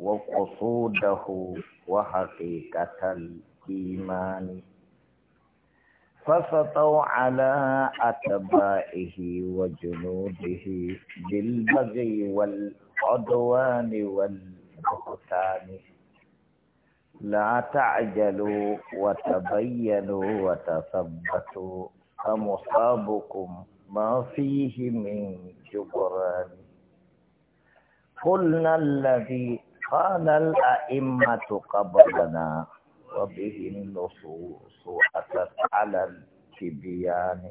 وقصوده وحقيقة الإيمان فسطوا على أتباعه وجنوده بالبغي والعدوان والبهتان لا تعجلوا وتبينوا وتثبتوا فمصابكم ما فيه من جبران قلنا الذي قال الأئمة قبلنا وبه النصوص أتت على التبيان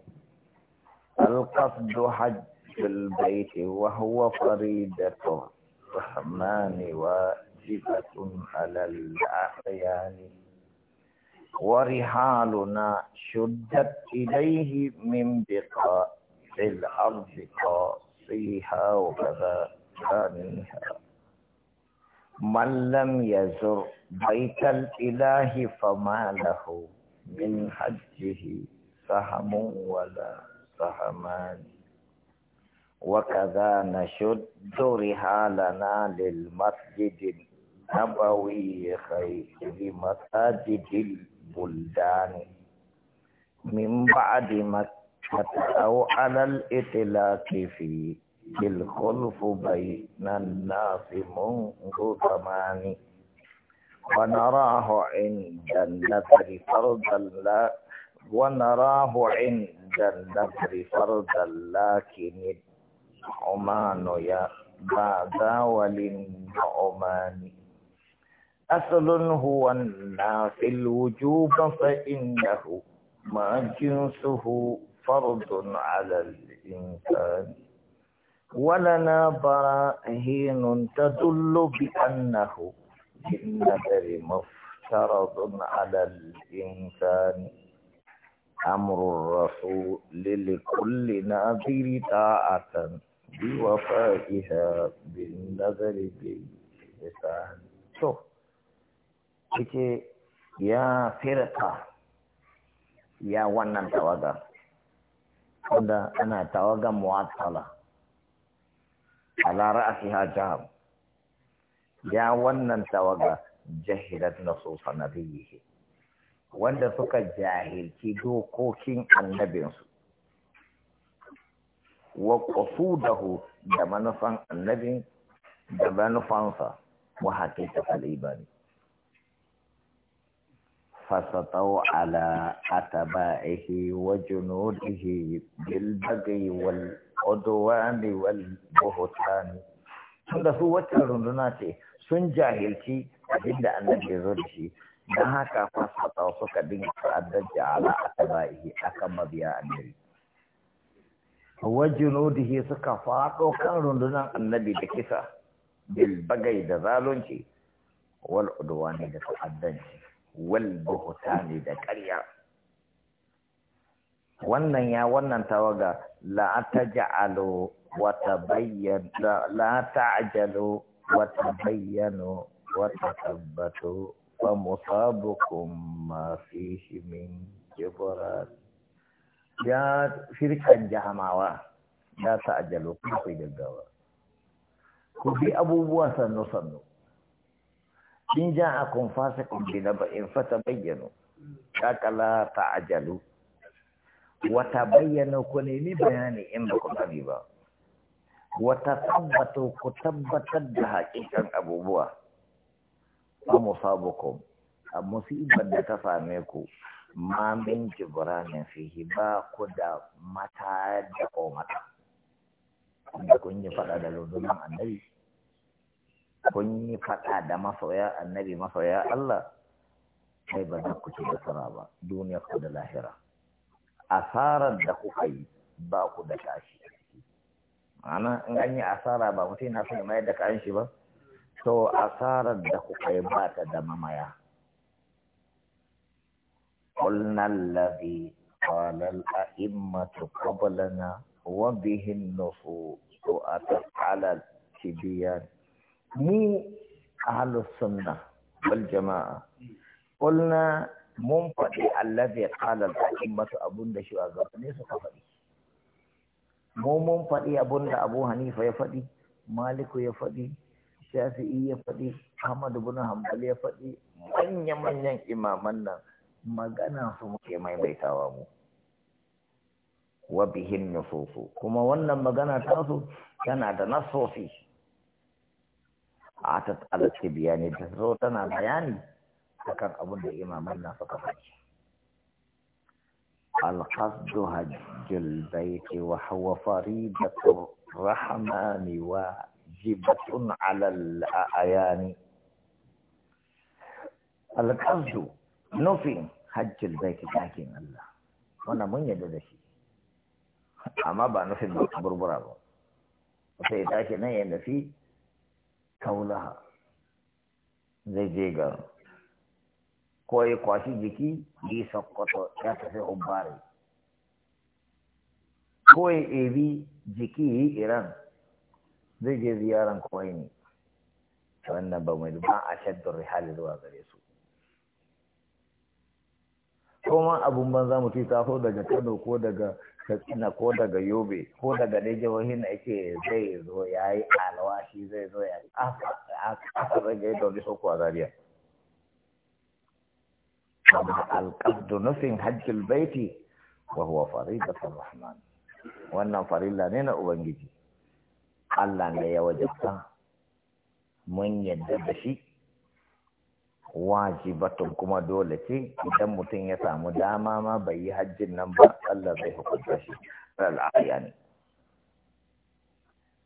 القصد حج البيت وهو فريدة الرحمن واجبة على الأعيان ورحالنا شدت إليه من بقاء الأرض قاصيها وكذا ثانيها من لم يزر بيت الإله فما له من حجه سهم ولا سهمان وكذا نشد رحالنا للمسجد النبوي خير مساجد البلدان من بعد مكة أو على الإطلاق في الخلف بين الناس منذ زمان ونراه عند النذر فرضا لا ونراه عند النذر فرضا لكن عمان يا بعد وللنعمان أصل هو الناس الوجوب فإنه ما جنسه فرض على الإنسان ولنا براهين تدل بأنه بالنذر مفترض على الإنسان أمر الرسول لكل ناذر طاعة بوفائها بالنذر بالإنسان شوف يا فرقة يا ونن توقع هذا أنا توقع معطلة ala ra'asiha jaham ya wannan tawaga jahilat nasusa nabiyhi wanda suka jahilci dokokin annabinsu wa qasudahu da manufan annabin da manufansa wa haqiqatul ibadi فسطوا على أتباعه وجنوده بالبغي wal والبهتان tunda su waccan runduna ce sun jahilci abinda annabi ya zo da shi don haka fasatau suka dinga ta'addanci ala a akan mabiya annabi wa junudihi suka faɗo kan rundunan annabi da kisa bil da zalunci wal udwani da ta'addanci wal da ƙarya wannan ya wannan tawaga la taj'alu wa tabayyanu la ta'jalu wa tabayyanu wa tatabbatu fa musabukum ma fihi min jibrat ya shirkan jahamawa ya ta'jalu ku fi gaggawa ku bi abubuwa sannu sannu in ja'akum fasiqun bi naba'in fatabayyanu kakala wata wa tabayyanu ku nemi bayani in ba ku sani ba wata tasabbatu ku tabbatar da haƙiƙan abubuwa fa musabukum a musibar da ta same ku ma min jibranin fihi ba ku da mata da mata da kun yi faɗa da lullun annabi kun yi faɗa da masoya annabi masoya Allah kai ba za ku ci nasara ba duniya ku da lahira asarar da kuka yi ba ku da kashi ma'ana in an yi asara ba mutum na son mayar da kayan shi ba to asarar da kuka yi ba ta da mamaya قلنا الذي قال الأئمة قبلنا وبه النصوص أتت على التبيان mu ahlus sunna wal jama'a qulna mun faɗi allazi qala al-a'immatu abunda shi a ne suka faɗi mu mun faɗi abunda Abu Hanifa ya faɗi Maliku ya faɗi Shafi'i ya faɗi Ahmad ibn Hanbal ya faɗi manya-manyan imaman nan magana su muke maimaitawa mu wa bihin nususu kuma wannan magana ta tasu tana da nasofi عتت على التبيان تزروتنا بيان ذكر أبو إمامنا فقط القصد هج البيت وهو فريدة الرحمن واجبة على الأعيان القصد نفي هج البيت لكن الله وانا من يدد اما بقى نفي بربرابو فإذا كنا ينفي kaulaha zai je ga ko ya kwashi jiki yi sakkwato ya tafi ubbari ko ya ebi jiki yi iran zai je ziyaran kawai ne wannan ba mai ba a shaddar rihali zuwa gare su ko ma abun banza mutum ta so daga kano ko daga katsina ko daga yobe ko daga dai jihohin na yake zai zo ya yi alwashi zai zo ya yi aka zai gai wani soko a zariya alƙabdu nufin hajjil baiti wa huwa ta rahman wannan farilla ne na ubangiji Allah ne ya wajabta mun yadda da shi wajibatun kuma dole ce idan mutum ya samu dama ma bai yi hajjin nan ba Allah zai hukunta shi al'ariya ne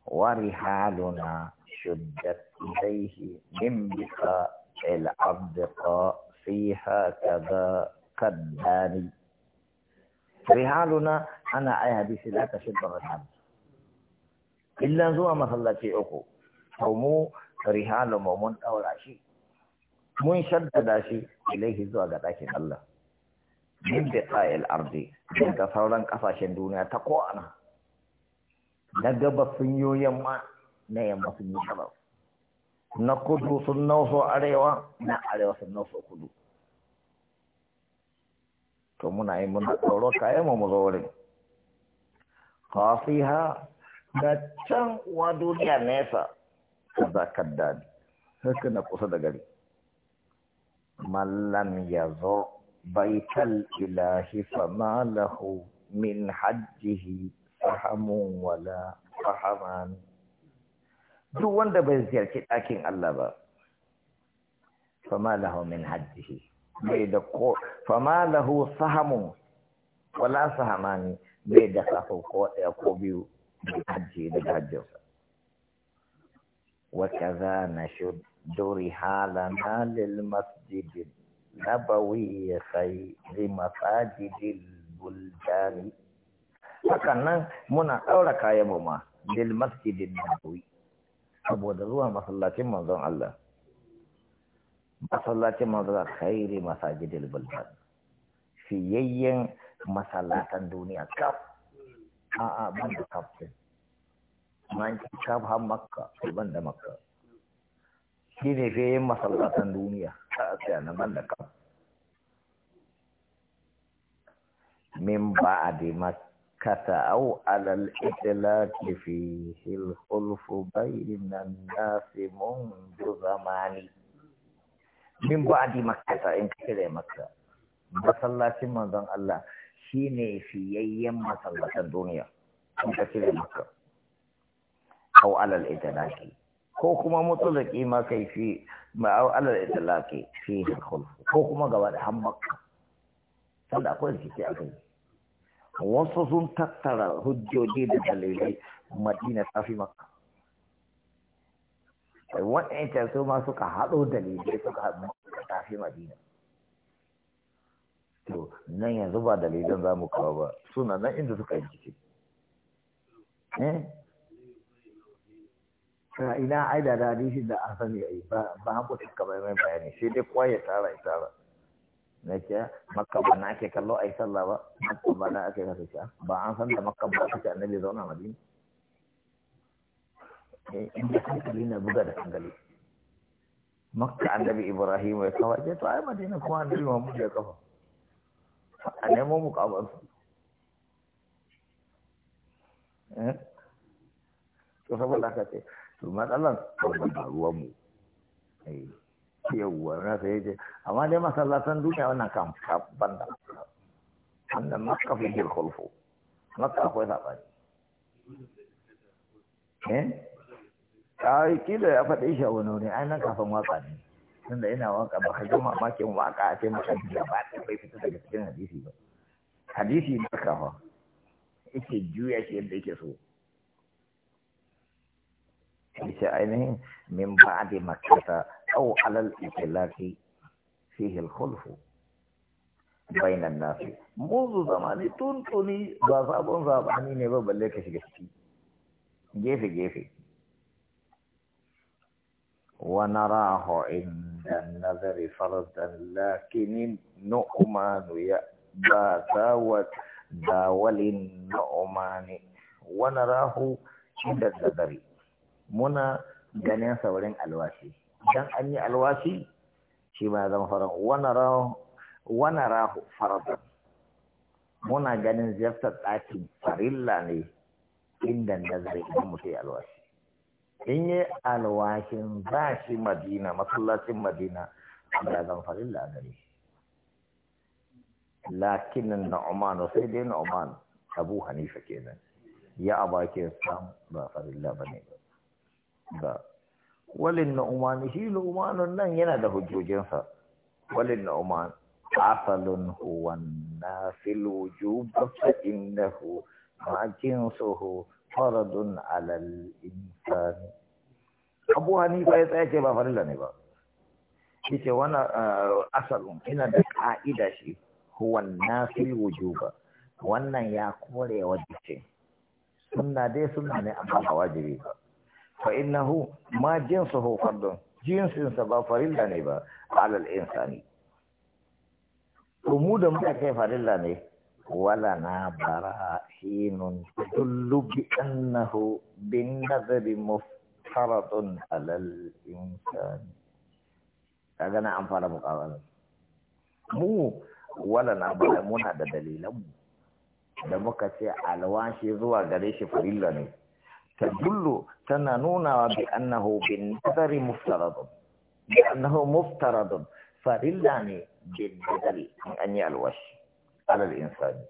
wari haluna shuddat ilaihi min bisa al'abdiqa fiha kaza kaddani rihaluna ana ai hadisi la ta shudda rihal illa zuwa masallaci uku to mu rihalun mu mun daura shi mun shaddada shi ilaihi zuwa ga ɗakin Allah min da tsayil ardi da sauran ƙasashen duniya ta ko'ana na gaba sun yi yamma na yamma sun yi gabas na kudu sun nauso arewa na arewa sun nauso kudu to muna yi muna tsoro kayan mu zo wurin kafiha da can wa duniya nesa ka zakar dadi haka na kusa da gari mallam ya zo baital ilahi fama lahu min hajjihi fahamun wala fahaman duk wanda bai ziyarci ɗakin Allah ba fama lahu min hajjihi bai da ko fama lahu sahamun wala sahamani bai da safo ko ɗaya ko biyu da hajji da hajjinsa wa kaza na shudu دور حالنا للمسجد النبوي خير مساجد البلدان hakanan muna ɗaura kayan mu ma lil masjidin nabawi saboda zuwa masallacin manzon Allah masallacin manzon Allah khairi masajidil buldan fiyayyen masallatan duniya kaf a'a ban da kaf din man kaf har makka ban da makka shi ne fiye masallatan duniya ta asiya na ban kan min ba a di au alal itilaki fi hilhulfu bayinan nasi mun du zamani min ba a di in kira makka masallacin manzon Allah shi ne fiyayyen masallatan duniya in kira makka au alal itilaki ko kuma mutulaki ma kai fi ma'aular itilaki fi hulhu ko kuma gaba da hammaka sanda akwai rikici a kai wasu sun tattara hujjoji da dalilai madina ta fi makka waɗanda su ma suka haɗo dalilai suka haɗu ta fi madina to nan yanzu ba dalilan za mu kawo ba suna nan inda suka yi ciki eh ta ina ai da dadi shi da an sani ai ba ba an kuɗi ka mai bayani sai dai ya tara ya tara na ce makka ba na ake kallo ai sallah ba makka ba na ake kasa ce ba an san da makka ba ta annabi zauna madina eh, inda hankali na buga da hankali makka annabi ibrahim ya kafa ce to ai madina kuma annabi muhammad ya kafa a nemo mu kabar su eh? to saboda haka ce to matsalan ba ruwan mu eh yawwa na sai ce amma dai masallatan duniya wannan kan banda wannan makka fi jil khulfu makka akwai sabani eh ai kila ya faɗi shi a wani wuri ai nan kafin waka ne tunda ina waka ba ka ma ke waka a ce da gaba da bai fita daga cikin hadisi ba hadisi ka kafa yake juya shi yadda yake so بشأنهم من بعد مكة أو على الإطلاق فيه الخلف بين الناس منذ زمان تون توني بازابون زاباني نبا بلے کشگشتی جیفی جیفی ونراه عند النظر فرضا لكن نؤمن يأبى داوت داول النؤمن ونراه عند النظر muna ganin saurin alwashi idan an yi alwashi shi ma zama faran wani rahu farazan muna ganin ziyartar ɗakin farilla ne inda zai idan mutu yi alwashi in yi alwashin ba shi madina masallacin madina da zan farilla a gare lakinin na sai dai na Oman Abu Hanifa kenan ya abake samu ba farilla ba ne ba da walin na'uman shi na'umanun nan yana da hujjojinsa walin na umar asalin huwan na filwuju bafa innahu makin soho faradun alal insani abu hanifa ya tsaye ce ba farila ne ba shi ce wani eh, asalin ina da ka'ida shi huwan na filwuju ba wannan ya kore wajen ce suna dai suna ne amma ba wajibi ba fa innahu ma jinsuhu fardun jinsinsa ba farilla ne ba alal insani to mu da muka kai farilla ne wala na barahinun tudullu bi annahu bin nazari muftaradun alal insani kaga na an fara muqabala mu wala na muna da dalilan da muka ce alwashi zuwa gare shi farilla ne تدل تنانون بأنه بالنظر مفترض بأنه مفترض فللان بالنظر أن يلوش على الإنسان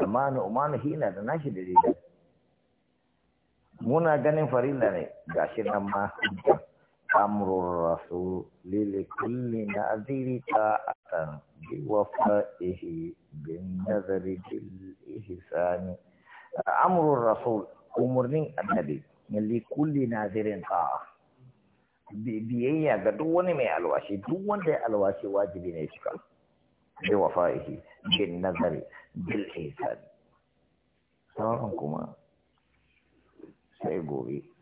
ما نؤمن هنا لناش دليل منا جن فريلان جاشنا ما أمر الرسول لكل نذير تاء بوفائه بالنذر بالإحسان amrul rasul umarnin annabi li kulli nazirin ta'a biyayya ga duk wani mai alwashi duk wanda ya alwashi wajibi ne shi kan bi wafa'ihi bin nazari bil ihsan sawan kuma sai gobe